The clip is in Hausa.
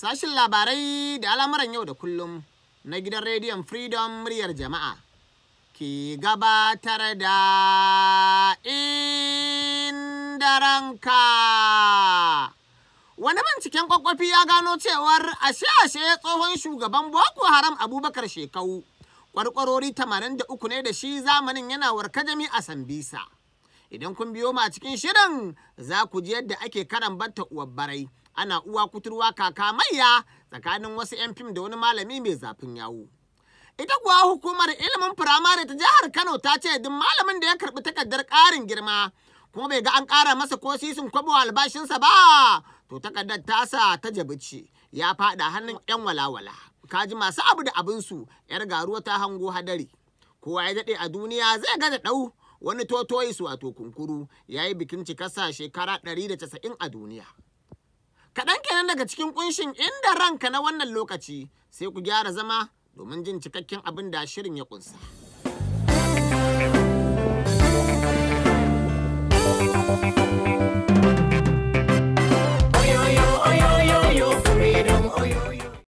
Sashin labarai da al'amuran yau da kullum na gidan rediyon Freedom muryar jama'a ke gabatar da indaranka. Wani binciken kwakwafi ya gano cewar ashe-ashe tsohon shugaban Boko Haram Abubakar Shekau kwarkwarori uku ne da shi zamanin yana warkajami a Sambisa. Idan kun biyo ma cikin shirin za ku ji yadda ake karambar ta uwar ana uwa kuturwa kaka mayya tsakanin wasu 'yan fim da wani malami mai zafin yawo. Ita kuwa hukumar ilimin firamare ta jihar Kano ta ce duk malamin da ya karɓi takardar ƙarin girma kuma bai ga an ƙara masa ko sisin kwabo albashinsa ba to takardar tasa ta jabici ya faɗa hannun 'yan walawala. Kaji masu abu da abin su 'yar garuwa ta hango hadari. Kowa ya daɗe a duniya zai gada ɗau wani totoyi wato kunkuru ya yi bikin cikarsa shekara 190 a duniya. Kaɗan kenan daga cikin kunshin inda ranka na wannan lokaci sai ku gyara zama domin jin cikakken abin da shirin ya ƙunsa. thank you